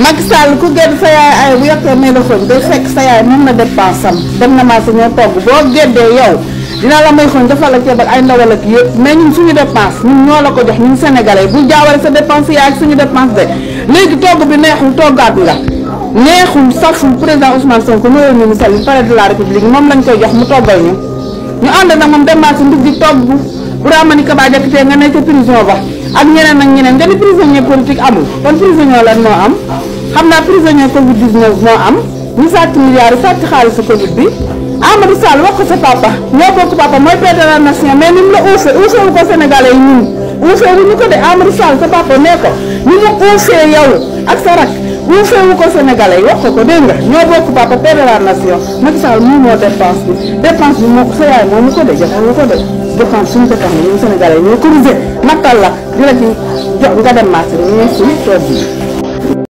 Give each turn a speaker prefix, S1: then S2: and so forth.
S1: Macky Sall ku gën sa yaay ay bu yokkee mélophone day fekk sa yaay mën na dépense dem na marché ñoo togg boo géddee yow dina la may xoon dafa la ceeb ak ay ndawal ak yëpp mais ñun suñu dépense ñun ñoo la ko jox ñun sénégalais bu jaawale sa dépense yaay ak suñu dépense de léegi togg bi neexul toggaat nga neexul saful président Ousmane Sonko ñëwoon ñu misal yi palais de la république moom lañ koy jox mu toggal ñu ñu ànd na moom dem marché ndugg di togg bu Ramani Kaba Diakité nga nekk prison ak ñeneen ak ñeneen nga ni prisonnier politique amul kon prisonnier lan moo am xam naa prisonnier Covid 19 moo am ñu sàcc milliards yi sàcc xaalisu Covid bi. Amadou wax ko sa papa ñoo bokk papa mooy père de la nation mais ni mu la uusee uusee wu ko Sénégalais yi ñun uusee wu ko de Amadou sa papa nee ko ni mu uusee yow ak sa rak uusee wu ko Sénégalais yi wax ko ko dégg ñoo bokk papa père de la nation Macky Sall moo dépense bi dépense bi moo sa yaay moo défendre suñu dëkk yi ñun Sénégalais ñoo ko rusé nattal la dina ci jox nga dem marché bi ñu ngi suñu tool
S2: bi.